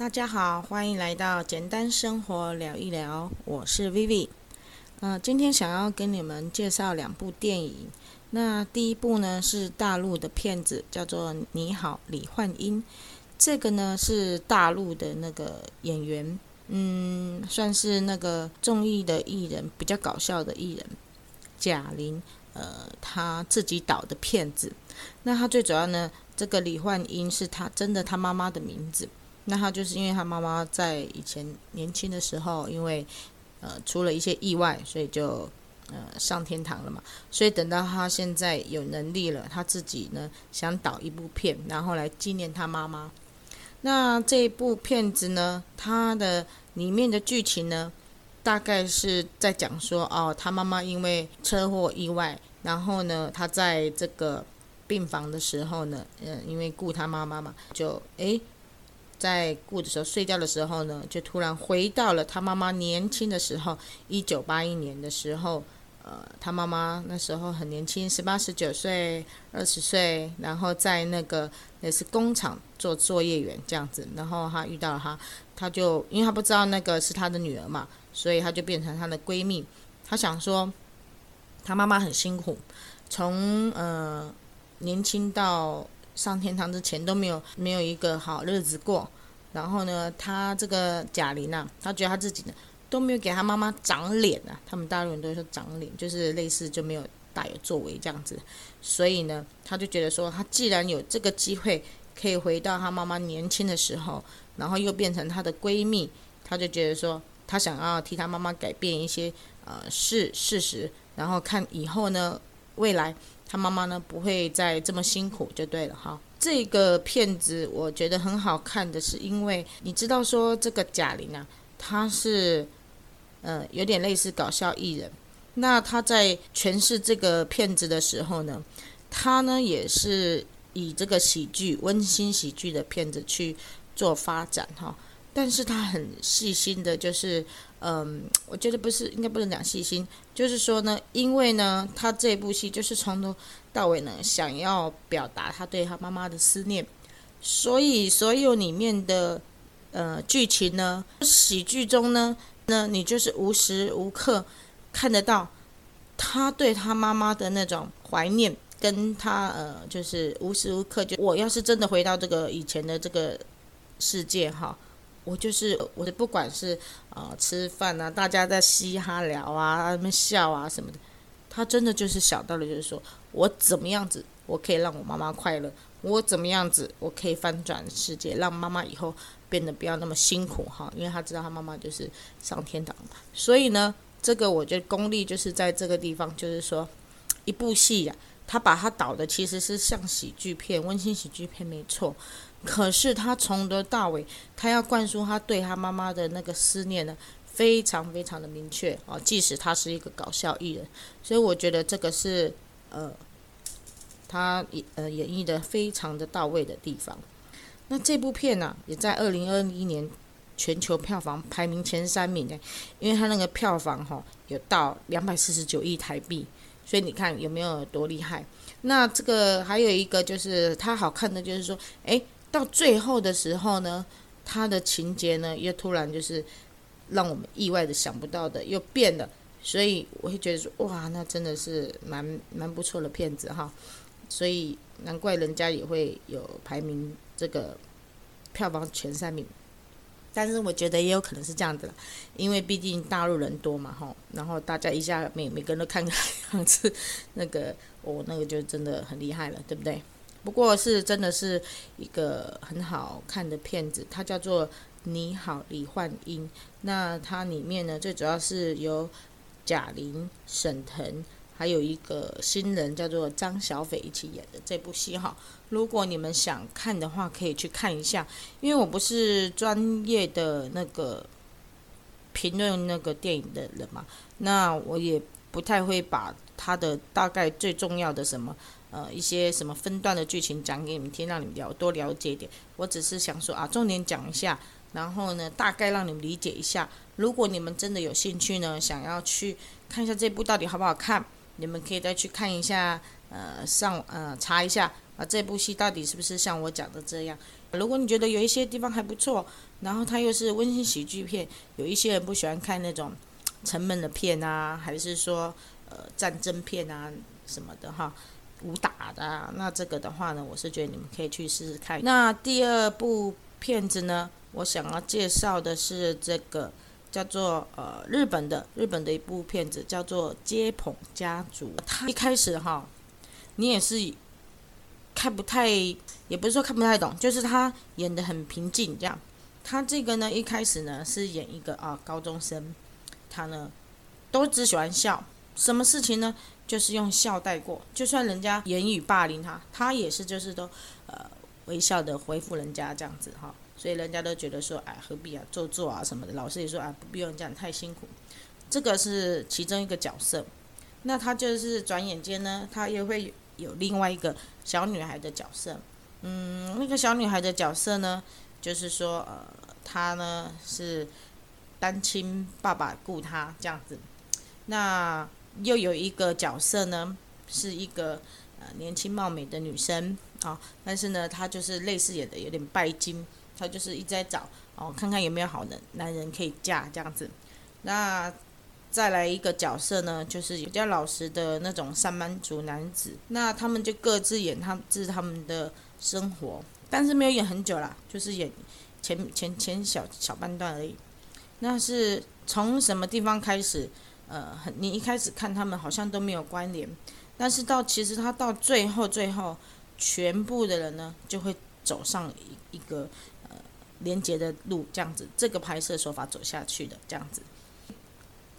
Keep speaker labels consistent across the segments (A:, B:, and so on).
A: 大家好，歡迎來到簡單生活聊一聊。我是 Vivi，呃，今天想要跟你們介紹兩部電影。那第一部呢是大陸的片子，叫做《你好，李煥英》。這個呢是大陸的那個演員，嗯，算是那個綜藝的藝人，比較搞笑的藝人，賈玲。呃，她自己導的片子。那她最主要呢，這個李煥英是她真的她媽媽的名字。那他就是因為他媽媽在以前年輕的時候，因為呃出了一些意外，所以就呃上天堂了嘛。所以等到他現在有能力了，他自己呢想導一部片，然後來紀念他媽媽。那這部片子呢，它的裡面的劇情呢，大概是在講說哦，他媽媽因為車禍意外，然後呢，他在這個病房的時候呢，嗯，因為顧他媽媽嘛，就哎。在故的時候睡覺的時候呢，就突然回到了她媽媽年輕的時候，一九八一年的時候，呃，她媽媽那時候很年輕，十八十九歲、二十歲，然後在那個也是工廠做作業員這樣子，然後她遇到了她，她就因為她不知道那個是她的女兒嘛，所以她就變成她的閨蜜。她想說，她媽媽很辛苦，從呃年輕到上天堂之前都沒有沒有一個好日子過。然後呢，她這個賈玲啊，她覺得她自己呢都沒有給她媽媽長臉啊。他們大陸人都說長臉，就是類似就沒有大有作為這樣子。所以呢，她就覺得說，她既然有這個機會可以回到她媽媽年輕的時候，然後又變成她的閨蜜，她就覺得說，她想要替她媽媽改變一些呃事事實，然後看以後呢未來她媽媽呢不會再這麼辛苦就對了哈。這個片子我覺得很好看的，是因為你知道說這個賈玲啊，她是，呃，有點類似搞笑藝人。那她在詮釋這個片子的時候呢，她呢也是以這個喜劇、溫馨喜劇的片子去做發展哈、哦。但是她很細心的，就是，嗯、呃，我覺得不是應該不能講細心，就是說呢，因為呢，她這部戲就是從頭。大偉呢，想要表達他對他媽媽的思念，所以所有裡面的呃劇情呢，喜劇中呢，那你就是無時無刻看得到他對他媽媽的那種懷念，跟他呃，就是無時無刻就我要是真的回到這個以前的這個世界哈，我就是我的不管是啊、呃、吃飯啊，大家在嘻哈聊啊，他們笑啊什麼的。他真的就是想到了，就是說我怎麼樣子我可以讓我媽媽快樂，我怎麼樣子我可以翻轉世界，讓媽媽以後變得不要那麼辛苦哈，因為他知道他媽媽就是上天堂了。所以呢，這個我覺得功力就是在這個地方，就是說，一部戲呀、啊，他把他導的其實是像喜劇片、溫馨喜劇片沒錯，可是他從頭到尾，他要灌輸他對他媽媽的那個思念呢。非常非常的明確啊，即使他是一個搞笑藝人，所以我覺得這個是呃，他演呃演繹的非常的到位的地方。那這部片呢、啊，也在二零二一年全球票房排名前三名的，因為他那個票房哈、哦、有到兩百四十九億台幣，所以你看有沒有，有多厲害？那這個還有一個就是他好看的就是說，誒，到最後的時候呢，他的情節呢又突然就是。讓我們意外的想不到的又變了，所以我會覺得說哇，那真的是蠻蠻不錯的片子哈，所以難怪人家也會有排名這個票房前三名，但是我覺得也有可能是這樣子啦，因為畢竟大陸人多嘛吼，然後大家一下每每個人都看兩次那個我、哦、那個就真的很厲害了，對不對？不過是真的是一個很好看的片子，它叫做。你好，李煥英。那它裡面呢，最主要是由賈玲、沈騰，還有一個新人叫做張小斐一起演的這部戲哈、哦。如果你們想看的話，可以去看一下。因為我不是專業的那個評論那個電影的人嘛，那我也不太會把它的大概最重要的什麼呃一些什麼分段的劇情講給你們聽，讓你們了多了解一點。我只是想說啊，重點講一下。然後呢，大概讓你們理解一下。如果你們真的有興趣呢，想要去看一下這部到底好不好看，你們可以再去看一下，呃，上呃查一下啊，這部戲到底是不是像我講的這樣。如果你覺得有一些地方還不錯，然後它又是溫馨喜劇片，有一些人不喜歡看那種沉悶的片啊，還是說呃戰爭片啊什麼的哈，武打的啊，那這個的話呢，我是覺得你們可以去試試看。那第二部片子呢？我想要介紹的是這個叫做呃日本的日本的一部片子，叫做《接捧家族》。他一開始哈，你也是看不太，也不是說看不太懂，就是他演得很平靜這樣。他這個呢，一開始呢是演一個啊高中生，他呢都只喜歡笑，什麼事情呢，就是用笑帶過，就算人家言語霸凌他，他也是就是都呃微笑的回復人家這樣子哈。所以人家都覺得說，哎，何必啊，做作啊什麼的。老師也說啊，哎，不必用這樣太辛苦。這個是其中一個角色。那他就是轉眼間呢，他又會有另外一個小女孩的角色。嗯，那個小女孩的角色呢，就是說，呃，她呢是單親爸爸僱她這樣子。那又有一個角色呢，是一個呃年輕貌美的女生啊，哦，但是呢，她就是類似演的有點拜金。他就是一直在找哦，看看有沒有好的男人可以嫁這樣子。那再來一個角色呢，就是比較老實的那種上班族男子。那他們就各自演他自他們的生活，但是沒有演很久啦，就是演前前前小小半段而已。那是從什麼地方開始？呃，你一開始看他們好像都沒有關聯，但是到其實他到最後最後，全部的人呢就會走上一一個。連接的路，這樣子，這個拍攝手法走下去的，這樣子，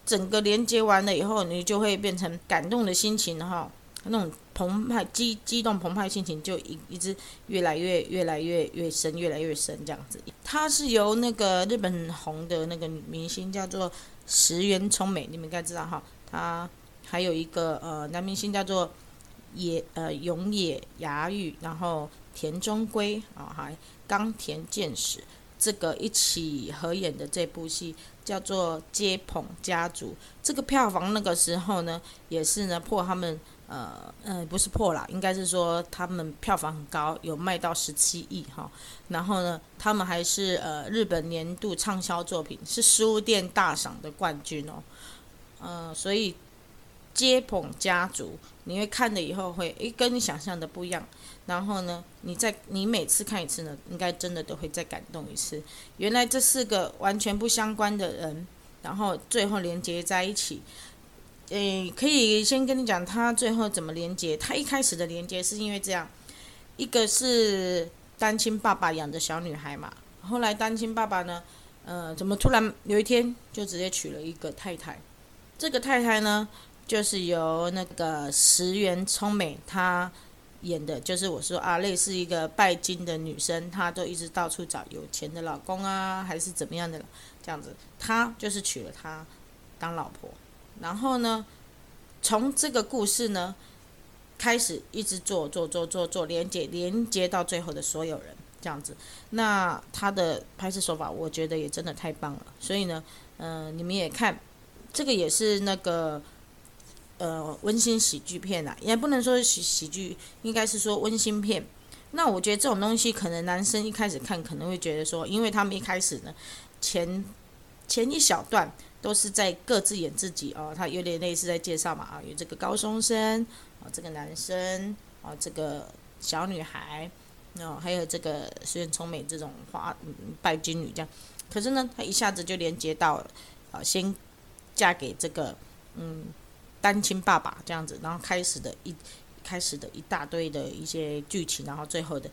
A: 整個連接完了以後，你就會變成感動的心情、哦，哈，那種澎湃激激動澎湃心情，就一一直越來越越來越越來越深，越來越深，這樣子。它是由那個日本紅的那個女明星叫做石原聰美，你們應該知道哈、哦，她還有一個呃男明星叫做野呃永野芽郁，然後。田中圭啊，還岡田健史，這個一起合演的這部戲叫做《接捧家族》。這個票房那個時候呢，也是呢破他們呃嗯、呃、不是破啦，應該是說他們票房很高，有賣到十七億哈。然後呢，他們還是呃日本年度暢銷作品，是書店大賞的冠軍哦。呃，所以《接捧家族》你會看了以後會誒，跟你想象的不一樣。然後呢，你再你每次看一次呢，應該真的都會再感動一次。原來這四個完全不相關的人，然後最後連接在一起。誒，可以先跟你講他最後怎麼連接。他一開始的連接是因為這樣，一個是單親爸爸養的小女孩嘛。後來單親爸爸呢，呃，怎麼突然有一天就直接娶了一個太太？這個太太呢，就是由那個石原聰美她。他演的，就是我說啊，類似一個拜金的女生，她都一直到處找有錢的老公啊，還是怎麼樣的，這樣子，她就是娶了她當老婆。然後呢，從這個故事呢開始一直做做做做做連接連接到最後的所有人這樣子，那她的拍攝手法我覺得也真的太棒了。所以呢，嗯、呃，你們也看，這個也是那個。呃，溫馨喜劇片啊，也不能說喜喜劇，應該是說溫馨片。那我覺得這種東西，可能男生一開始看可能會覺得說，因為他們一開始呢，前前一小段都是在各自演自己哦，他有點類似在介紹嘛啊，有這個高中生啊，這個男生啊，這個小女孩，然後、啊、還有這個石原聰美這種花、嗯、拜金女這樣。可是呢，他一下子就連接到了，啊，先嫁給這個嗯。單親爸爸這樣子，然後開始的一開始的一大堆的一些劇情，然後最後的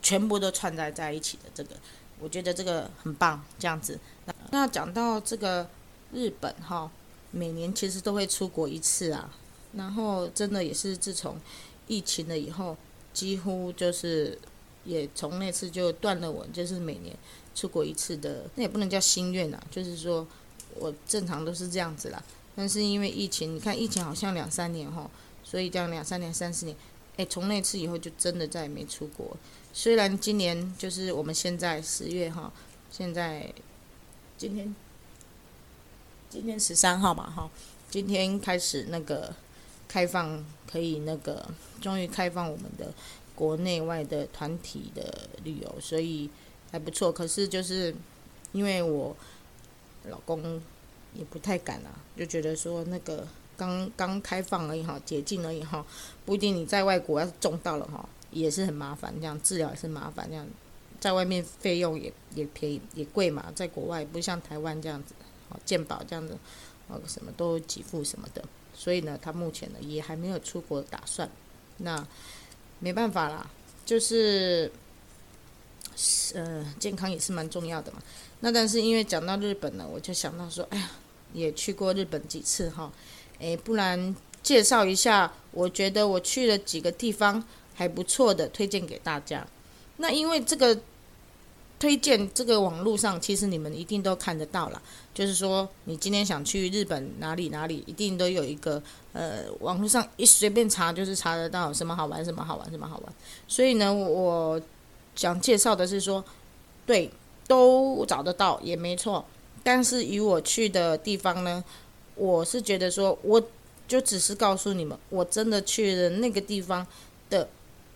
A: 全部都串在在一起的這個，我覺得這個很棒。這樣子，那，那講到這個日本哈，每年其實都會出國一次啊，然後真的也是自從疫情了以後，幾乎就是也從那次就斷了我，就是每年出國一次的，那也不能叫心願啊，就是說我正常都是這樣子啦。但是因為疫情，你看疫情好像兩三年哈，所以這樣兩三年，三四年。誒，從那次以後就真的再也沒出國。雖然今年就是我們現在十月哈，現在今天今天十三號吧哈，今天開始那個開放可以那個，終於開放我們的國內外的團體的旅遊，所以還不錯。可是就是因為我老公，也不太敢啊，就覺得說那個剛剛開放而已哈，解禁而已哈，不一定你在外國要是中到了哈，也是很麻煩這樣，治療也是麻煩這樣，在外面費用也也便宜也貴嘛，在國外不像台灣這樣子，健保這樣子，什麼都給付什麼的，所以呢，他目前呢也還沒有出國打算，那沒辦法啦，就是。呃，健康也是蠻重要的嘛。那但是因為講到日本呢，我就想到說，哎呀，也去過日本幾次哈。誒、哎，不然介紹一下，我覺得我去了幾個地方還不錯的，推薦給大家。那因為這個推薦，這個網絡上其實你們一定都看得到啦，就是說你今天想去日本哪裡哪裡，一定都有一個呃，網絡上一隨便查就是查得到什麼好玩什麼好玩什麼好玩。所以呢，我。想介紹的是說，對，都找得到也沒錯。但是與我去的地方呢，我是覺得說，我就只是告訴你們，我真的去了那個地方的，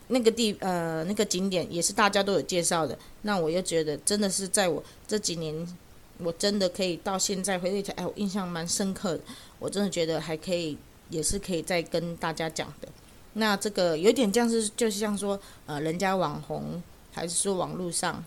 A: 那個地呃那個景點也是大家都有介紹的。那我又覺得真的是在我這幾年，我真的可以到現在回味起來，哎，我印象蠻深刻的。我真的覺得還可以，也是可以再跟大家講的。那這個有點像是，就像說呃，人家網紅。還是說網絡上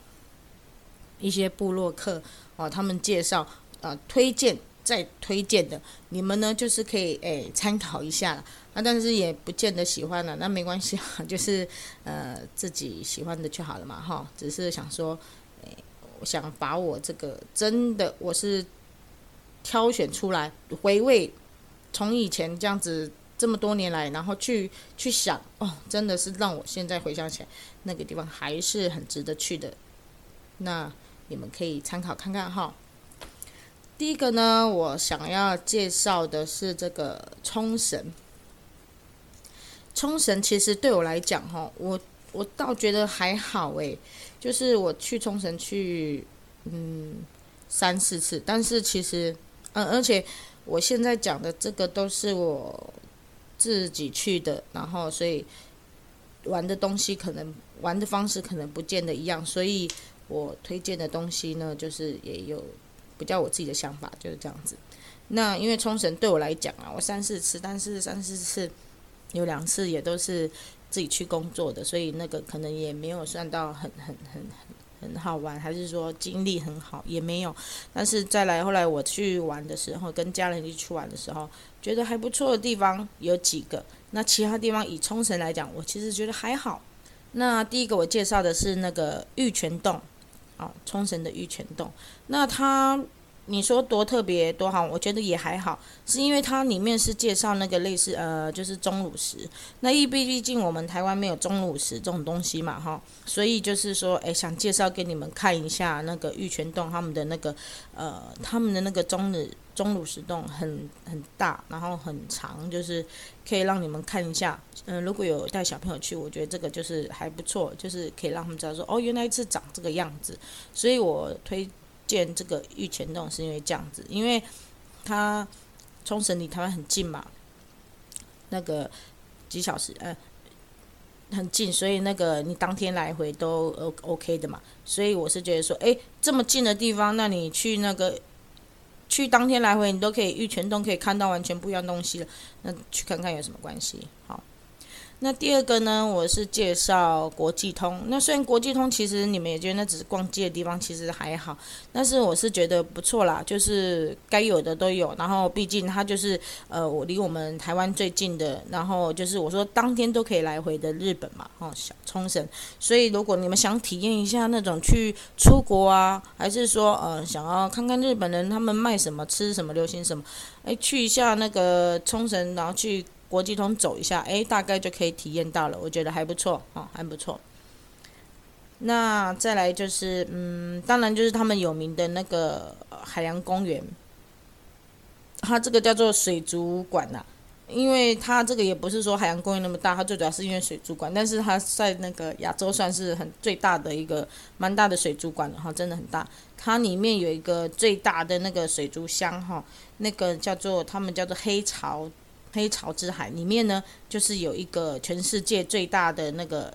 A: 一些部落客啊、哦，他們介紹啊、呃、推薦再推薦的，你們呢就是可以誒參考一下了、啊、那但是也不見得喜歡了、啊，那沒關係啊，就是呃自己喜歡的就好了嘛，哈。只是想說誒，我想把我這個真的我是挑選出來回味，從以前這樣子。這麼多年來，然後去去想哦，真的是讓我現在回想起來，那個地方還是很值得去的。那你們可以參考看看哈、哦。第一個呢，我想要介紹的是這個沖繩。沖繩其實對我來講、哦，哈，我我倒覺得還好誒，就是我去沖繩去嗯三四次，但是其實嗯，而且我現在講的這個都是我。自己去的，然後所以玩的東西可能玩的方式可能不見得一樣，所以我推薦的東西呢，就是也有比較我自己的想法，就是這樣子。那因為沖繩對我來講啊，我三四次，但是三四次有兩次也都是自己去工作的，所以那個可能也沒有算到很很很。很好玩，還是說精力很好，也沒有。但是再來，後來我去玩的時候，跟家人一起去玩的時候，覺得還不錯的地方有幾個。那其他地方以沖繩來講，我其實覺得還好。那第一個我介紹的是那個玉泉洞，啊、哦，沖繩的玉泉洞。那它。你說多特別多哈，我覺得也還好，是因為它裡面是介紹那個類似呃，就是鐘乳石。那因為畢畢竟我們台灣沒有鐘乳石這種東西嘛哈，所以就是說，哎，想介紹給你們看一下那個玉泉洞他們的那個呃，他們的那個鐘乳鐘乳石洞很很大，然後很長，就是可以讓你們看一下。嗯、呃，如果有帶小朋友去，我覺得這個就是還不錯，就是可以讓他們知道說，哦，原來是長這個樣子。所以我推。建這個玉泉洞是因為這樣子，因為它沖繩離台灣很近嘛，那個幾小時嗯、呃，很近，所以那個你當天來回都呃 OK 的嘛，所以我是覺得說，哎，這麼近的地方，那你去那個去當天來回你都可以玉泉洞可以看到完全不一樣東西了，那去看看有什麼關係？好。那第二個呢，我是介紹國際通。那雖然國際通其實你們也覺得那只是逛街的地方，其實還好，但是我是覺得不錯啦，就是該有的都有。然後畢竟它就是呃，我離我們台灣最近的，然後就是我說當天都可以來回的日本嘛，哦，小沖繩。所以如果你們想體驗一下那種去出國啊，還是說嗯，呃，想要看看日本人他們賣什麼、吃什麼、流行什麼，誒，去一下那個沖繩，然後去。國際通走一下，哎，大概就可以體驗到了，我覺得還不錯，哦，還不錯。那再來就是，嗯，當然就是他們有名的那個海洋公園，它這個叫做水族館吶、啊，因為它這個也不是說海洋公園那麼大，它最主要是因為水族館，但是它在那個亞洲算是很最大的一個蠻大的水族館的哈、哦，真的很大。它裡面有一個最大的那個水族箱哈、哦，那個叫做他們叫做黑潮。黑潮之海裡面呢，就是有一個全世界最大的那個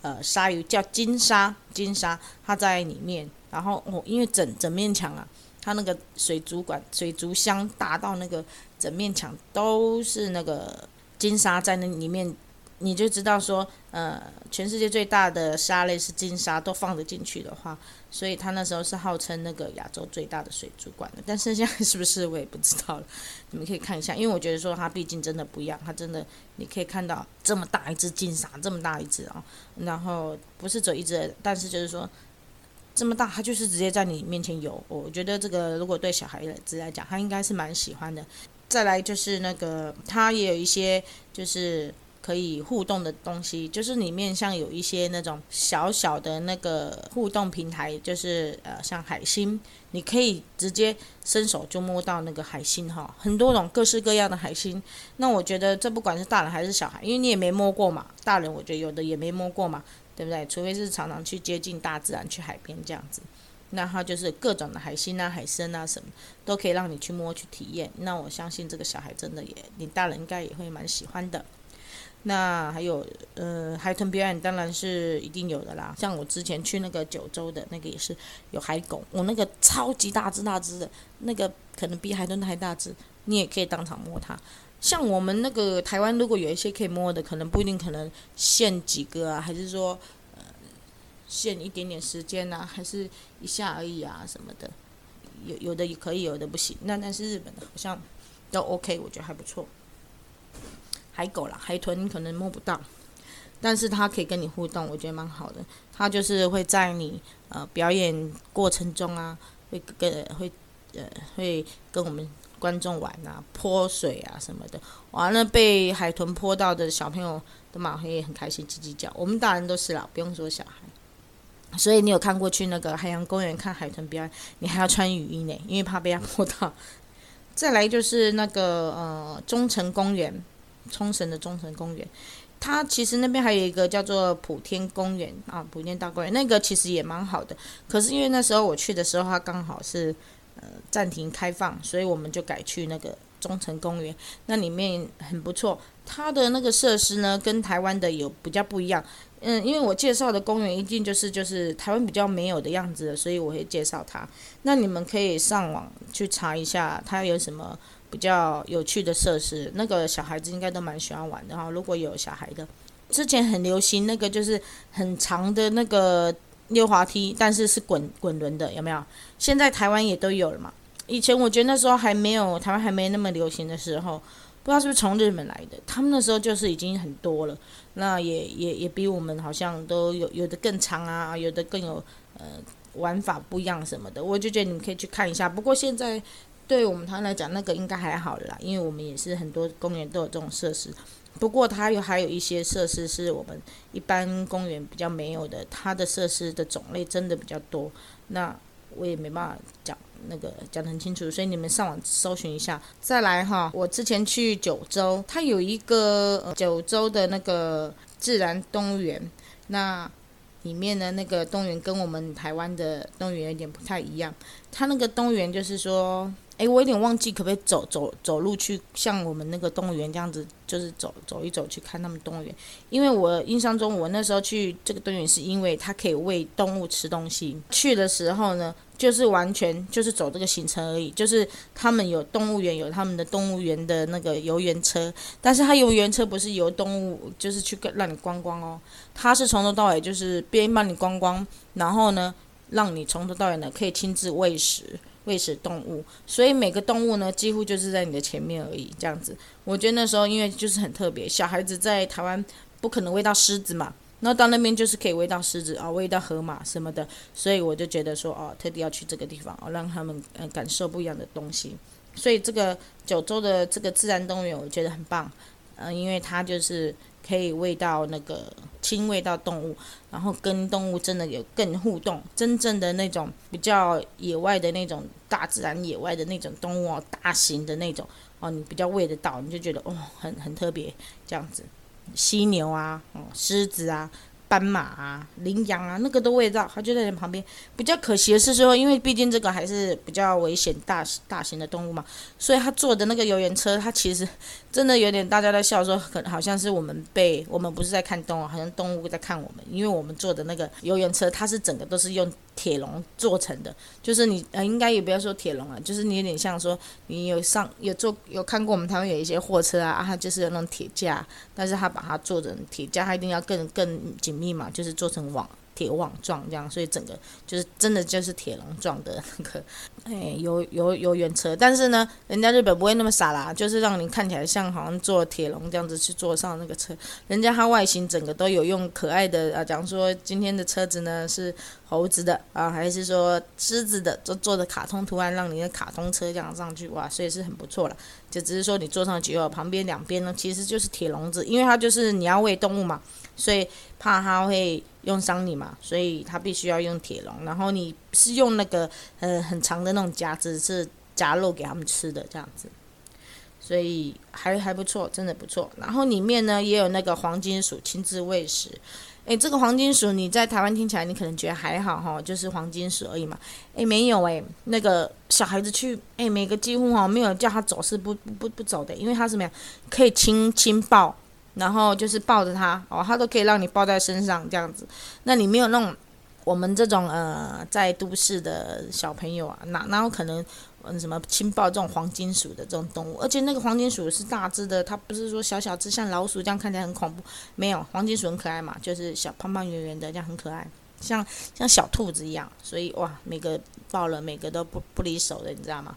A: 呃鯊魚，叫鯨鯊。鯨鯊它在裡面，然後我、哦、因為整整面牆啊，它那個水族館、水族箱大到那個整面牆都是那個鯨鯊在那裡面，你就知道說，呃，全世界最大的鯊類是鯨鯊，都放得進去的話。所以他那時候是號稱那個亞洲最大的水族館的，但是現在是不是我也不知道了。你們可以看一下，因為我覺得說它畢竟真的不一樣，它真的你可以看到這麼大一只鯨鯊，這麼大一只啊、哦。然後不是走一只，但是就是說這麼大，它就是直接在你面前游。我覺得這個如果對小孩子來講，他應該是蠻喜歡的。再來就是那個，他也有一些就是。可以互動的東西，就是裡面像有一些那種小小的那個互動平台，就是呃像海星，你可以直接伸手就摸到那個海星哈，很多種各式各樣的海星。那我覺得這不管是大人還是小孩，因為你也沒摸過嘛，大人我覺得有的也沒摸過嘛，對不對？除非是常常去接近大自然，去海邊這樣子。那它就是各種的海星啊、海參啊什麼，都可以讓你去摸去體驗。那我相信這個小孩真的也，你大人應該也會蠻喜歡的。那還有，呃，海豚表演當然是一定有的啦。像我之前去那個九州的那個也是有海狗，我、哦、那個超級大隻大隻的，那個可能比海豚還大隻，你也可以當場摸它。像我們那個台灣，如果有一些可以摸的，可能不一定，可能限幾個啊，還是說、呃，限一點點時間啊，還是一下而已啊什麼的。有有的也可以，有的不行。那但是日本的好像都 OK，我覺得還不錯。海狗啦，海豚可能摸不到，但是它可以跟你互動，我覺得蠻好的。它就是會在你呃表演過程中啊，會跟會呃會跟我們觀眾玩啊，潑水啊什麼的。完了被海豚潑到的小朋友都嘛也很開心，嘰嘰叫。我們大人都是啦，不用說小孩。所以你有看過去那個海洋公園看海豚表演，你還要穿雨衣呢，因為怕被它潑到。再來就是那個呃中城公園。沖繩的中城公園，它其實那邊還有一個叫做普天公園啊，普天大公園，那個其實也蠻好的。可是因為那時候我去的時候，它剛好是呃暫停開放，所以我們就改去那個中城公園，那裡面很不錯。它的那個設施呢，跟台灣的有比較不一樣。嗯，因為我介紹的公園一定就是就是台灣比較沒有的樣子的，所以我會介紹它。那你們可以上網去查一下，它有什麼。比較有趣的設施，那個小孩子應該都蠻喜歡玩的哈。如果有小孩的，之前很流行那個就是很長的那個溜滑梯，但是是滾滾輪的，有沒有？現在台灣也都有了嘛。以前我覺得那時候還沒有，台灣還沒那麼流行的時候，不知道是不是從日本來的，他們那時候就是已經很多了。那也也也比我們好像都有有的更長啊，有的更有呃，玩法不一樣什麼的，我就覺得你們可以去看一下。不過現在。對我們台灣來講，那個應該還好啦，因為我們也是很多公園都有這種設施。不過它有還有一些設施是我們一般公園比較沒有的，它的設施的種類真的比較多。那我也沒辦法講那個講得很清楚，所以你們上網搜尋一下。再來哈，我之前去九州，它有一個、呃、九州的那個自然動物園，那裡面的那個動物園跟我們台灣的動物園有點不太一樣。它那個動物園就是說。哎，我有點忘記，可不可以走走走路去，像我們那個動物園這樣子，就是走走一走去看他們動物園。因為我印象中，我那時候去這個動物園是因為它可以餵動物吃東西。去的時候呢，就是完全就是走這個行程而已，就是他們有動物園，有他們的動物園的那個遊園車，但是它遊園車不是遊動物，就是去讓你觀光，光哦。它是從頭到尾就是邊幫你觀光，光，然後呢，讓你從頭到尾呢可以親自餵食。餵食動物，所以每個動物呢，幾乎就是在你的前面而已。這樣子，我覺得那時候因為就是很特別，小孩子在台灣不可能餵到獅子嘛，然後到那邊就是可以餵到獅子啊、哦，餵到河馬什麼的，所以我就覺得說哦，特地要去這個地方哦，讓他們嗯感受不一樣的東西。所以這個九州的這個自然動物園，我覺得很棒，嗯、呃，因為它就是。可以餵到那個親餵到動物，然後跟動物真的有更互動，真正的那種比較野外的那種大自然野外的那種動物哦，大型的那種哦，你比較餵得到，你就覺得哦，很很特別這樣子，犀牛啊，哦、獅子啊。斑馬啊，羚羊啊，那個的味道，它就在你旁邊。比較可惜的是說，因為畢竟這個還是比較危險大大型的動物嘛，所以它坐的那個遊園車，它其實真的有點，大家在笑說，可好像是我們被我們不是在看動物，好像動物在看我們，因為我們坐的那個遊園車，它是整個都是用。鐵籠做成的，就是你呃，應該也不要說鐵籠啊，就是你有點像說，你有上有做有看過我們台灣有一些貨車啊，啊，它就是那種鐵架，但是他把它做成鐵架，他一定要更更緊密嘛，就是做成網。鐵網狀這樣，所以整個就是真的就是鐵籠狀的那個，哎，遊遊遊園車。但是呢，人家日本不會那麼傻啦，就是讓你看起來像好像坐鐵籠這樣子去坐上那個車。人家它外形整個都有用可愛的啊，假如說今天的車子呢是猴子的啊，還是說獅子的，就做的卡通圖案讓你的卡通車這樣上去，哇，所以是很不錯了。就只是說你坐上去以後，哦，旁邊兩邊呢其實就是鐵籠子，因為它就是你要餵動物嘛。所以怕他會用傷你嘛，所以他必須要用鐵籠。然後你是用那個呃很長的那種夾子，是夾肉給他們吃的這樣子，所以還還不錯，真的不錯。然後裡面呢也有那個黃金鼠親自餵食。誒，這個黃金鼠你在台灣聽起來你可能覺得還好哈、哦，就是黃金鼠而已嘛。誒，沒有誒，那個小孩子去誒，每個幾乎哈、哦，沒有叫他走是不不不，不走的，因為他是沒有可以輕親，親抱。然後就是抱着它哦，它都可以讓你抱在身上這樣子。那你沒有那種我們這種呃在都市的小朋友啊，哪哪有可能嗯什麼親抱這種黃金鼠的這種動物？而且那個黃金鼠是大隻的，它不是說小小隻像老鼠這樣看起來很恐怖。沒有，黃金鼠很可愛嘛，就是小胖胖圓圓的這樣很可愛，像像小兔子一樣。所以哇，每個抱了每個都不不離手的，你知道嗎？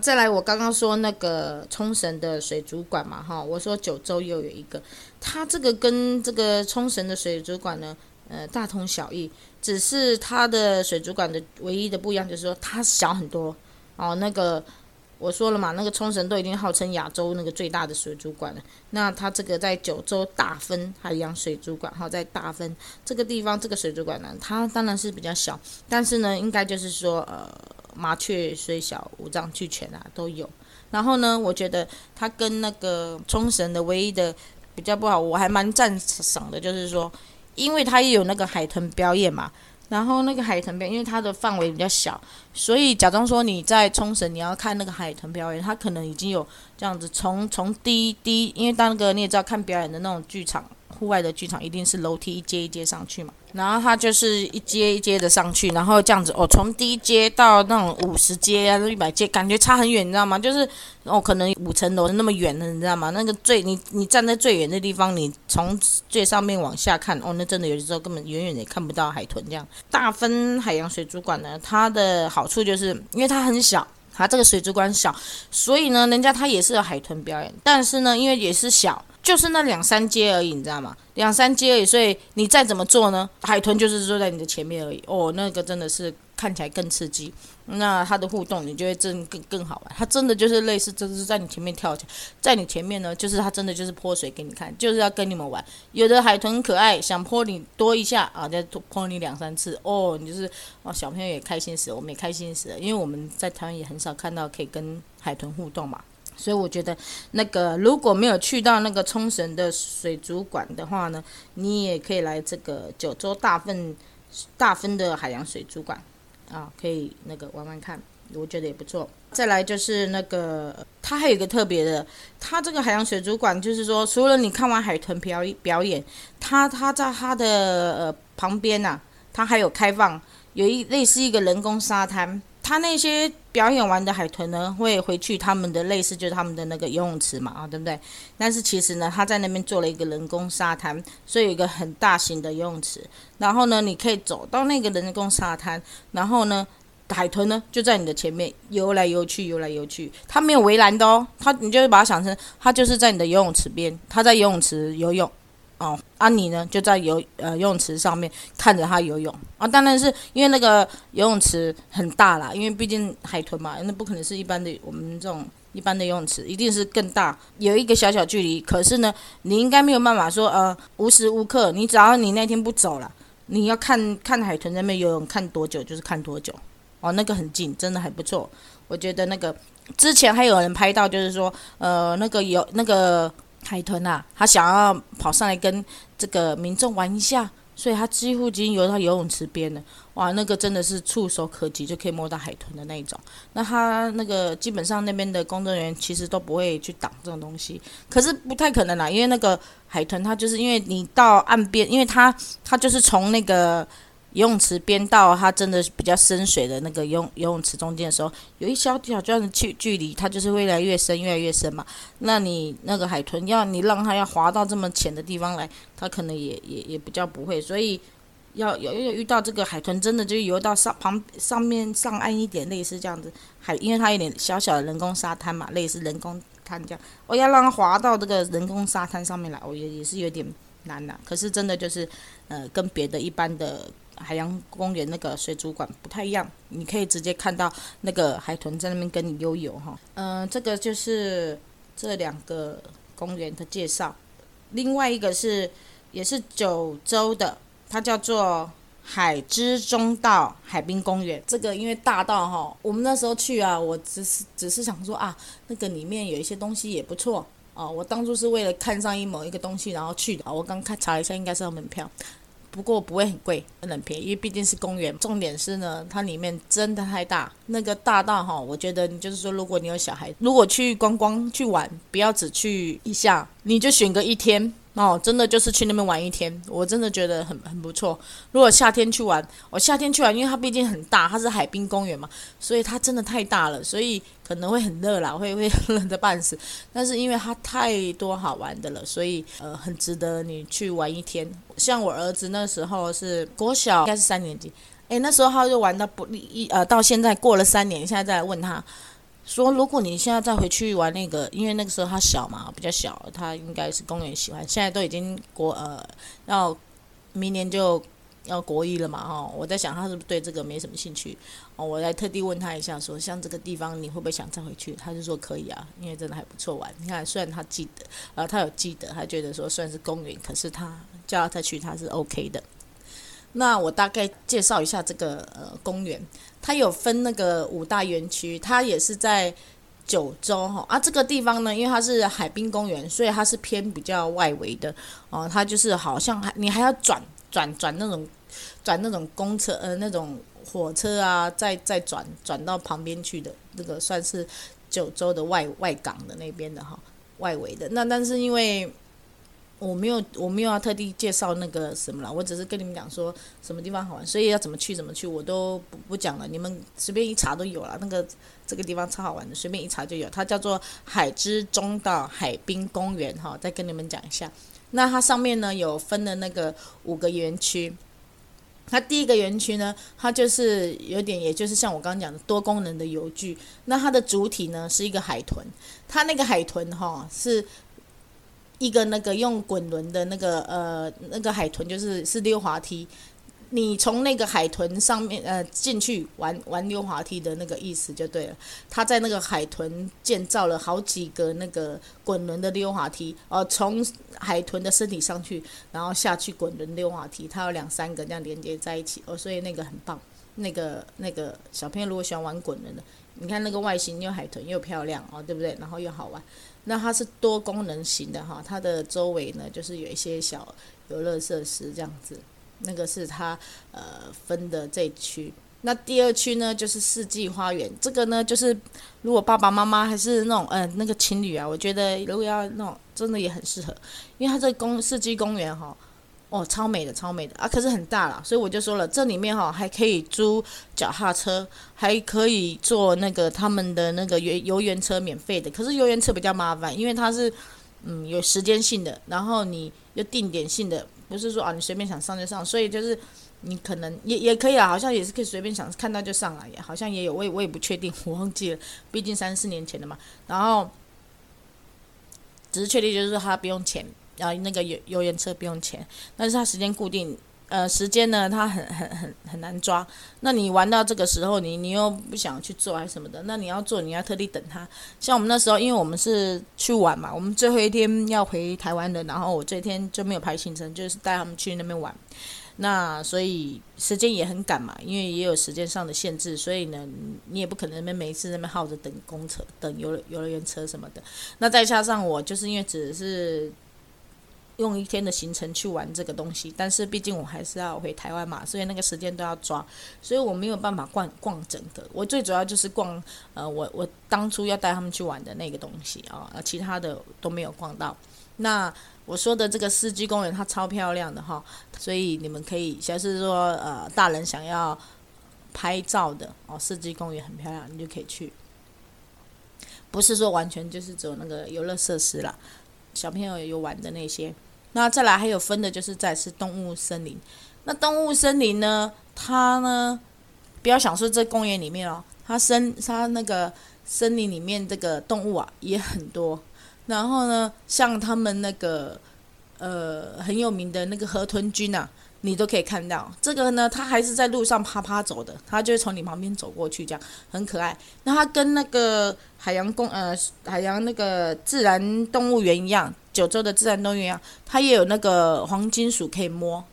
A: 再來，我剛剛說那個沖繩的水族館嘛，哈，我說九州又有一個，它這個跟這個沖繩的水族館呢，呃，大同小異，只是它的水族館的唯一的不一樣就是說它小很多。哦，那個我說了嘛，那個沖繩都已經號稱亞洲那個最大的水族館了，那它這個在九州大分海洋水族館，哈、哦，在大分這個地方這個水族館呢，它當然是比較小，但是呢，應該就是說，呃。麻雀雖小，五臟俱全啊，都有。然後呢，我覺得他跟那個沖繩的唯一的比較不好，我還蠻讚賞的，就是說，因為他也有那個海豚表演嘛。然後那個海豚表演，因為它的範圍比較小，所以假裝說你在沖繩你要看那個海豚表演，它可能已經有這樣子從，從從第一，第一因為當個你也知道看表演的那種劇場。戶外的劇場一定是樓梯一階一階上去嘛，然後它就是一階一階的上去，然後這樣子哦，從第一階到那種五十階啊、一百階，感覺差很遠，你知道嗎？就是哦，可能五層樓那麼遠的，你知道嗎？那個最你你站在最遠的地方，你從最上面往下看，哦，那真的有的時候根本遠遠也看不到海豚這樣。大分海洋水族館呢，它的好處就是因為它很小。它這個水族館小，所以呢，人家它也是有海豚表演，但是呢，因為也是小，就是那兩三階而已，你知道嗎？兩三階而已，所以你再怎麼做呢？海豚就是坐在你的前面而已哦，那個真的是。看起來更刺激，那它的互動你就會真更更好玩。它真的就是類似，就是在你前面跳起來，在你前面呢，就是它真的就是潑水給你看，就是要跟你們玩。有的海豚可愛，想潑你多一下啊，再潑你兩三次哦，你就是哦，小朋友也開心死了，我們也開心死了，因為我們在台灣也很少看到可以跟海豚互動嘛，所以我覺得那個如果沒有去到那個沖繩的水族館的話呢，你也可以來這個九州大分大分的海洋水族館。啊、哦，可以那個玩玩看，我覺得也不錯。再來就是那個，它還有一個特別的，它這個海洋水族館就是說，除了你看完海豚表表演，它它在它的呃旁邊吶、啊，它還有開放，有一類似一個人工沙灘。他那些表演完的海豚呢，會回去他們的類似，就是他們的那個游泳池嘛，啊，對不對？但是其實呢，他在那邊做了一個人工沙灘，所以有一個很大型的游泳池。然後呢，你可以走到那個人工沙灘，然後呢，海豚呢就在你的前面游來游去，游來游去。它沒有圍欄的哦，它你就會把它想成，它就是在你的游泳池邊，它在游泳池游泳。哦，啊你呢就在游呃游泳池上面看着他游泳啊。哦，當然是因為那個游泳池很大啦，因為畢竟海豚嘛，那不可能是一般的我們這種一般的游泳池，一定是更大，有一個小小距離。可是呢，你應該沒有辦法說呃無時無刻，你只要你那天不走了，你要看看海豚在那邊游泳，看多久就是看多久。哦，那個很近，真的還不錯，我覺得那個之前還有人拍到，就是說呃那個有那個。海豚啊，他想要跑上來跟這個民眾玩一下，所以他幾乎已經游到游泳池邊了。哇，那個真的是觸手可及，就可以摸到海豚的那一種。那他那個基本上那邊的工作人員其實都不會去擋這種東西，可是不太可能啦，因為那個海豚它就是因為你到岸邊，因為它它就是從那個。游泳池邊到它真的比較深水的那個游游泳池中間的時候，有一小小這樣的距距離，它就是越來越深，越來越深嘛。那你那個海豚要你讓它要滑到這麼淺的地方來，它可能也也也比較不會。所以要有有遇到這個海豚，真的就游到上旁上面上岸一點，類似這樣子海，因為它有點小小的人工沙灘嘛，類似人工灘這樣。我，哦，要讓它滑到這個人工沙灘上面來，我，哦，也，也是有點難了，啊，可是真的就是，呃，跟別的一般的。海洋公園那個水族館不太一樣，你可以直接看到那個海豚在那邊跟你悠遊哈、哦。嗯、呃，這個就是這兩個公園的介紹。另外一個是，也是九州的，它叫做海之中道海濱公園。這個因為大道哈、哦，我們那時候去啊，我只是只是想說啊，那個裡面有一些東西也不錯哦。我當初是為了看上一某一個東西然後去的。我剛看查了一下，應該是要門票。不過不會很貴，很便宜，因為畢竟是公園。重點是呢，它裡面真的太大，那個大到哈、哦，我覺得你就是說，如果你有小孩，如果去觀光去玩，不要只去一下，你就選個一天。哦，真的就是去那邊玩一天，我真的覺得很很不錯。如果夏天去玩，我、哦、夏天去玩，因為它畢竟很大，它是海濱公園嘛，所以它真的太大了，所以可能會很熱啦，會會熱得半死。但是因為它太多好玩的了，所以呃，很值得你去玩一天。像我兒子那時候是國小，應該是三年級，誒，那時候他就玩到不一呃，到現在過了三年，現在再來問他。說，如果你現在再回去玩那個，因為那個時候他小嘛，比較小，他應該是公園喜歡。現在都已經國呃要明年就要國一了嘛，哦，我在想他是不是對這個沒什麼興趣？哦，我還特地問他一下說，說像這個地方你會不會想再回去？他就說可以啊，因為真的還不錯玩。你看，雖然他記得，然後、呃、他有記得。他覺得說算是公園，可是他叫他再去他是 OK 的。那我大概介紹一下這個呃公園。它有分那個五大園區，它也是在九州哈啊，這個地方呢，因為它是海濱公園，所以它是偏比較外圍的哦。它就是好像還你還要轉轉轉那種，轉那種公車呃那種火車啊，再再轉轉到旁邊去的那、這個算是九州的外外港的那邊的哈、哦、外圍的那，但是因為。我沒有，我沒有要特地介紹那個什麼了，我只是跟你們講說什麼地方好玩，所以要怎麼去怎麼去，我都不不講了，你們隨便一查都有了。那個這個地方超好玩的，隨便一查就有，它叫做海之中道海濱公園哈、哦。再跟你們講一下，那它上面呢有分了那個五個園區，它第一個園區呢，它就是有點，也就是像我剛剛講的多功能的遊具，那它的主體呢是一個海豚，它那個海豚哈、哦、是。一個那個用滾輪的那個呃，那個海豚就是是溜滑梯，你從那個海豚上面呃進去玩玩溜滑梯的那個意思就對了。他在那個海豚建造了好幾個那個滾輪的溜滑梯，哦、呃，從海豚的身體上去，然後下去滾輪溜滑梯，它有兩三個這樣連接在一起，哦，所以那個很棒。那個那個小朋友如果喜歡玩滾輪的，你看那個外形又海豚又漂亮哦，對不對？然後又好玩。那它是多功能型的哈，它的周圍呢就是有一些小游樂設施這樣子，那個是它呃分的這區。那第二區呢就是四季花園，這個呢就是如果爸爸媽媽還是那種嗯、呃、那個情侶啊，我覺得如果要那種真的也很適合，因為它這個公四季公園哈。哦，超美的，超美的啊！可是很大啦，所以我就說了，這裡面哈、哦、還可以租腳踏車，還可以坐那個他們的那個遊遊園車免費的。可是遊園車比較麻煩，因為它是嗯有時間性的，然後你又定點性的，不是說啊你隨便想上就上。所以就是你可能也也可以啦，好像也是可以隨便想看到就上來，好像也有，我也我也不確定，我忘記了，畢竟三四年前的嘛。然後只是確定就是說它不用錢。然後、啊、那個游遊園車不用錢，但是它時間固定，呃，時間呢，它很很很很難抓。那你玩到這個時候，你你又不想去做還什麼的，那你要做，你要特地等它。像我們那時候，因為我們是去玩嘛，我們最後一天要回台灣的，然後我這一天就沒有排行程，就是帶他們去那邊玩。那所以時間也很趕嘛，因為也有時間上的限制，所以呢，你也不可能那邊每一次那邊耗着等公車、等遊遊樂園車什麼的。那再加上我就是因為只是。用一天的行程去玩這個東西，但是畢竟我還是要回台灣嘛，所以那個時間都要抓，所以我沒有辦法逛逛整個。我最主要就是逛呃，我我當初要帶他們去玩的那個東西啊、哦，其他的都沒有逛到。那我說的這個四季公園它超漂亮的哈、哦，所以你們可以，像是說呃大人想要拍照的哦，四季公園很漂亮，你就可以去，不是說完全就是走那個遊樂設施啦。小朋友有玩的那些，那再來還有分的就是再來，是動物森林。那動物森林呢，它呢，不要想說在公園裡面哦，它森它那個森林裡面這個動物啊也很多。然後呢，像他們那個呃很有名的那個河豚菌啊。你都可以看到這個呢，它還是在路上趴趴走的，它就會從你旁邊走過去，這樣很可愛。那它跟那個海洋公呃海洋那個自然動物園一樣，九州的自然動物園一樣，它也有那個黃金鼠可以摸。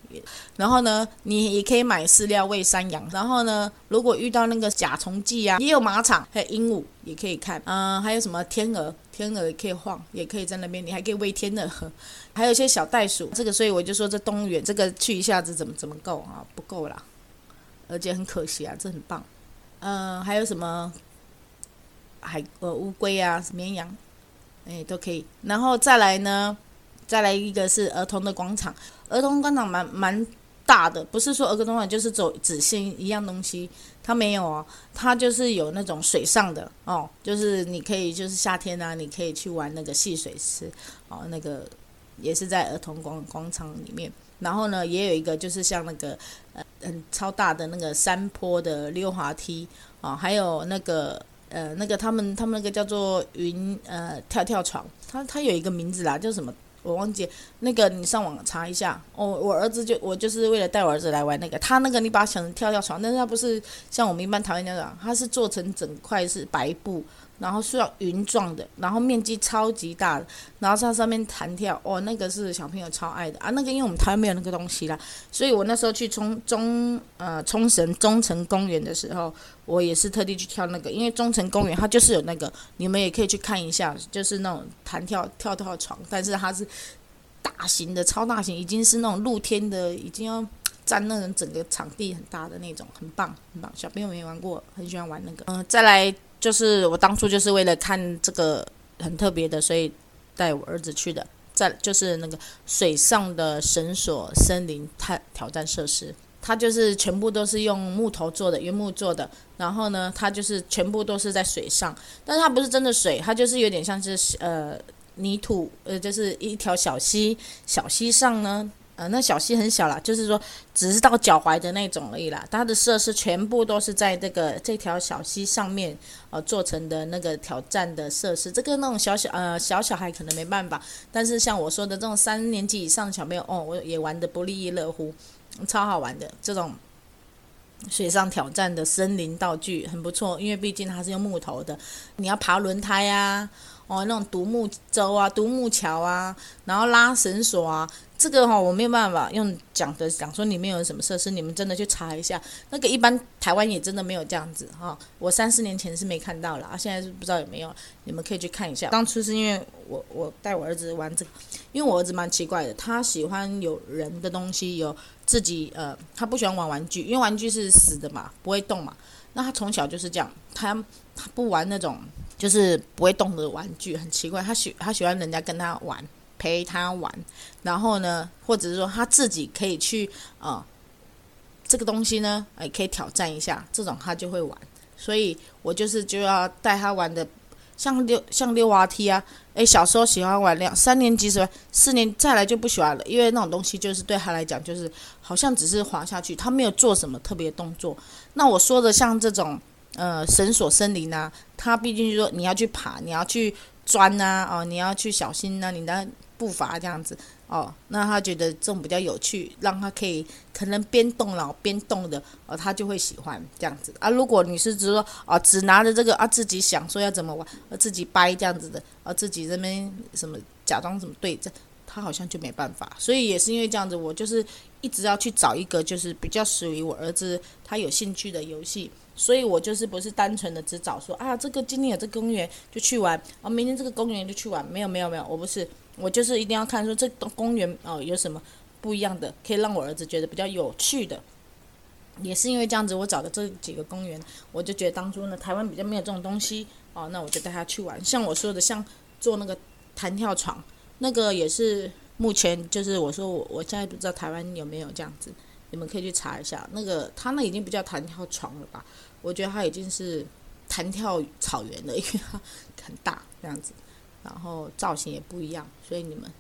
A: 然後呢，你也可以買飼料餵山羊。然後呢，如果遇到那個甲蟲劑啊，也有馬場，還有鸚鵡也可以看。嗯、呃，還有什麼天鵝？天鵝也可以晃，也可以在那邊，你還可以餵天鵝。還有一些小袋鼠，這個所以我就說這動物園這個去一下子怎麼怎麼夠啊，不夠啦，而且很可惜啊，這很棒。嗯、呃，還有什麼海呃烏龜啊，綿羊，誒、欸、都可以。然後再來呢，再來一個是兒童的廣場，兒童廣場蠻蠻大的，不是說兒童廣場就是走直線一樣東西。他沒有哦，他就是有那種水上的哦，就是你可以就是夏天啊，你可以去玩那個戲水池哦，那個也是在兒童廣廣場裡面。然後呢，也有一個就是像那個呃很超大的那個山坡的溜滑梯哦，還有那個呃那個他們他們那個叫做雲呃跳跳床，它它有一個名字啦，叫什麼？我忘記那個，你上網查一下。我、哦、我兒子就我就是為了帶我兒子來玩那個，他那個你把它想成跳跳床，但是他不是像我們一般討厭那樣，他是做成整塊是白布。然後是要雲狀的，然後面積超級大的，然後在上面彈跳，哦，那個是小朋友超愛的啊！那個因為我們台灣沒有那個東西啦，所以我那時候去沖中呃沖繩中城公園的時候，我也是特地去跳那個，因為中城公園它就是有那個，你們也可以去看一下，就是那種彈跳跳跳床，但是它是大型的、超大型，已經是那種露天的，已經要佔那種整個場地很大的那種，很棒，很棒，小朋友沒玩過，很喜歡玩那個，嗯，再來。就是我當初就是為了看這個很特別的，所以帶我兒子去的。在就是那個水上的繩索森林，它挑戰設施，它就是全部都是用木頭做的，原木做的。然後呢，它就是全部都是在水上，但是它不是真的水，它就是有點像是呃泥土，呃就是一條小溪，小溪上呢。呃，那小溪很小啦，就是說只是到腳踝的那種而已啦。它的設施全部都是在這個這條小溪上面，呃，做成的那個挑戰的設施。這個那種小小呃小小孩，可能沒辦法，但是像我說的這種三年級以上的小朋友，哦，我也玩得不亦樂乎，超好玩的。這種水上挑戰的森林道具很不錯，因為畢竟它是用木頭的。你要爬輪胎啊，哦，那種獨木舟啊、獨木橋啊，然後拉繩索啊。這個哈、哦，我沒有辦法用講的講說裡面有什麼設施，你們真的去查一下。那個一般台灣也真的沒有這樣子哈、哦，我三四年前是沒看到了，現在是不知道有沒有，你們可以去看一下。當初是因為我我帶我兒子玩這個，因為我兒子蠻奇怪的，他喜歡有人的東西，有自己呃，他不喜歡玩玩具，因為玩具是死的嘛，不會動嘛。那他從小就是這樣，他他不玩那種就是不會動的玩具，很奇怪，他喜他喜歡人家跟他玩。陪他玩，然後呢，或者是說他自己可以去啊、哦，這個東西呢，哎，可以挑戰一下，這種他就會玩。所以，我就是就要帶他玩的，像溜像溜滑梯啊，誒，小時候喜歡玩兩三年級什麼四年再來就不喜歡了，因為那種東西就是對他來講就是好像只是滑下去，他沒有做什麼特別動作。那我說的像這種呃繩索森林啊，他畢竟就是說你要去爬，你要去鑽吶、啊，啊、哦，你要去小心吶、啊，你的。步伐這樣子哦，那他覺得這種比較有趣，讓他可以可能邊動腦邊動的，呃、哦，他就會喜歡這樣子啊。如果你是只說啊、哦，只拿着這個啊，自己想說要怎麼玩，呃、啊，自己掰這樣子的，呃、啊，自己這邊什麼假裝怎麼對這，他好像就沒辦法。所以也是因為這樣子，我就是一直要去找一個就是比較屬於我兒子他有興趣的遊戲，所以我就是不是單純的只找說啊，這個今天有這個公園就去玩，啊，明天這個公園就去玩，沒有沒有沒有，我不是。我就是一定要看說這棟公園哦有什麼不一樣的，可以讓我兒子覺得比較有趣的，也是因為這樣子，我找的這幾個公園，我就覺得當初呢，台灣比較沒有這種東西哦，那我就帶他去玩。像我說的，像坐那個彈跳床，那個也是目前就是我說我我現在不知道台灣有沒有這樣子，你們可以去查一下。那個他那已經不叫彈跳床了吧？我覺得他已經是彈跳草原了，因為他很大這樣子。然後造型也不一樣，所以你們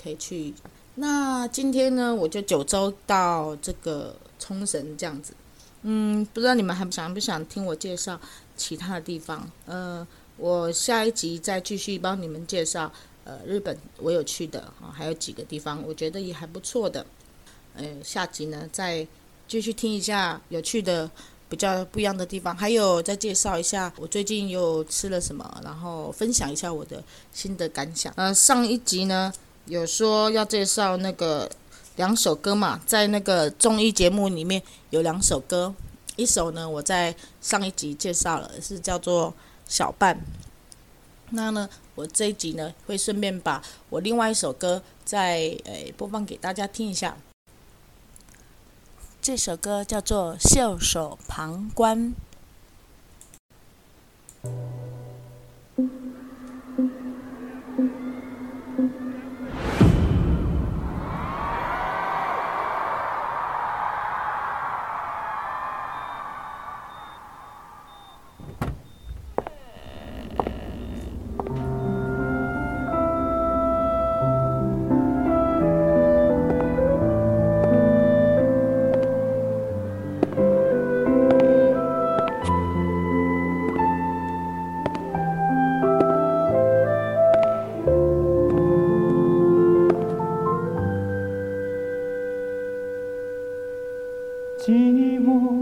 A: 可以去。那今天呢，我就九州到這個沖繩這樣子。嗯，不知道你們還想不想聽我介紹其他的地方？呃，我下一集再繼續幫你們介紹。呃，日本我有去的，哦，還有幾個地方，我覺得也還不錯的。呃，下集呢再繼續聽一下有趣的。比較不一樣的地方，還有再介紹一下我最近又吃了什麼，然後分享一下我的心得感想。呃，上一集呢有說要介紹那個兩首歌嘛，在那個綜藝節目裡面有兩首歌，一首呢我在上一集介紹了，是叫做《小半》。那呢，我這一集呢會順便把我另外一首歌再誒、欸、播放給大家聽一下。這首歌叫做《袖手旁觀》。寂寞。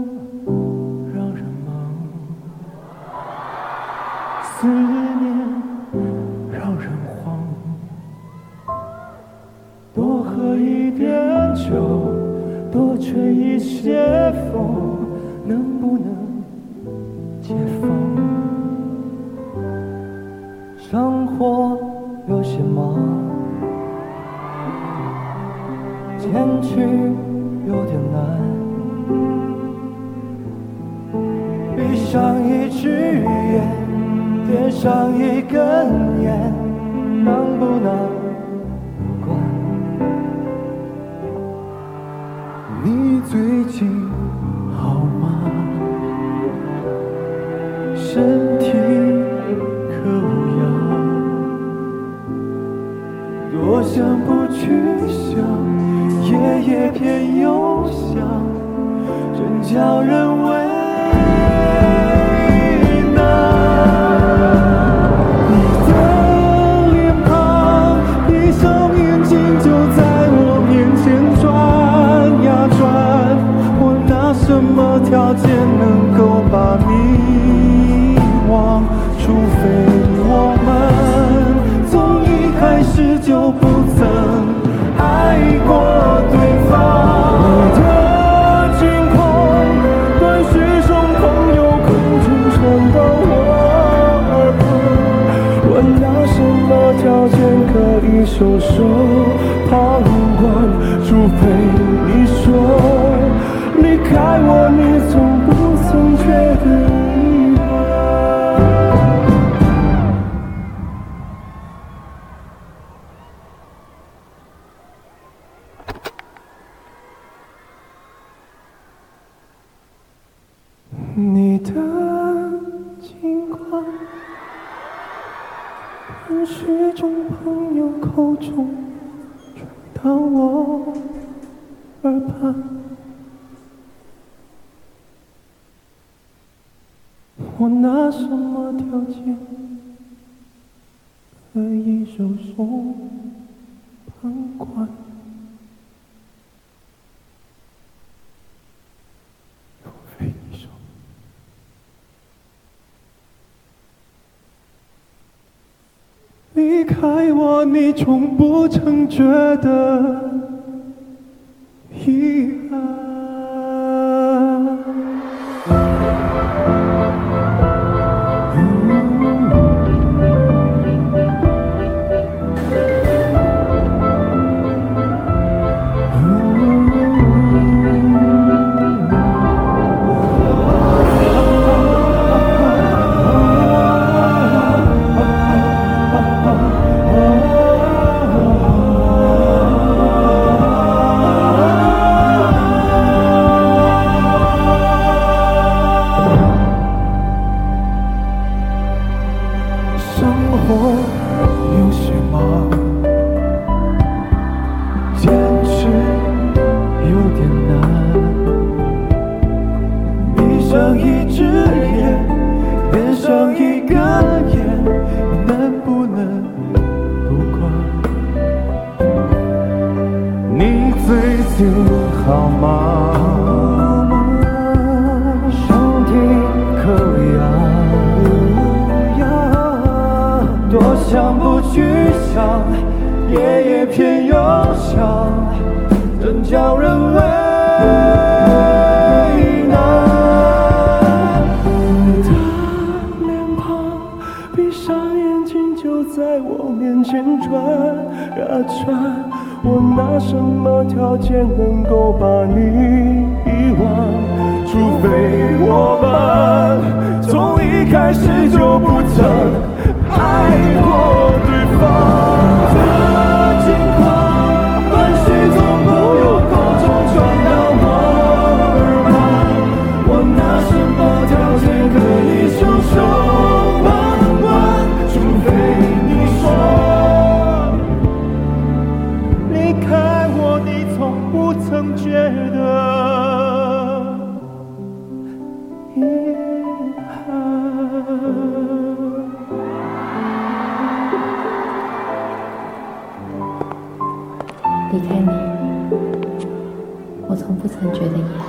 A: 離開我，你從不曾覺得遺憾。多想不去想，夜夜偏又想，真叫人為難。你的臉龐，閉上眼睛就在我面前轉呀、啊、轉，我拿什麼條件能夠把你遺忘？除非我們從一開始就不曾。愛過對方。你覺得？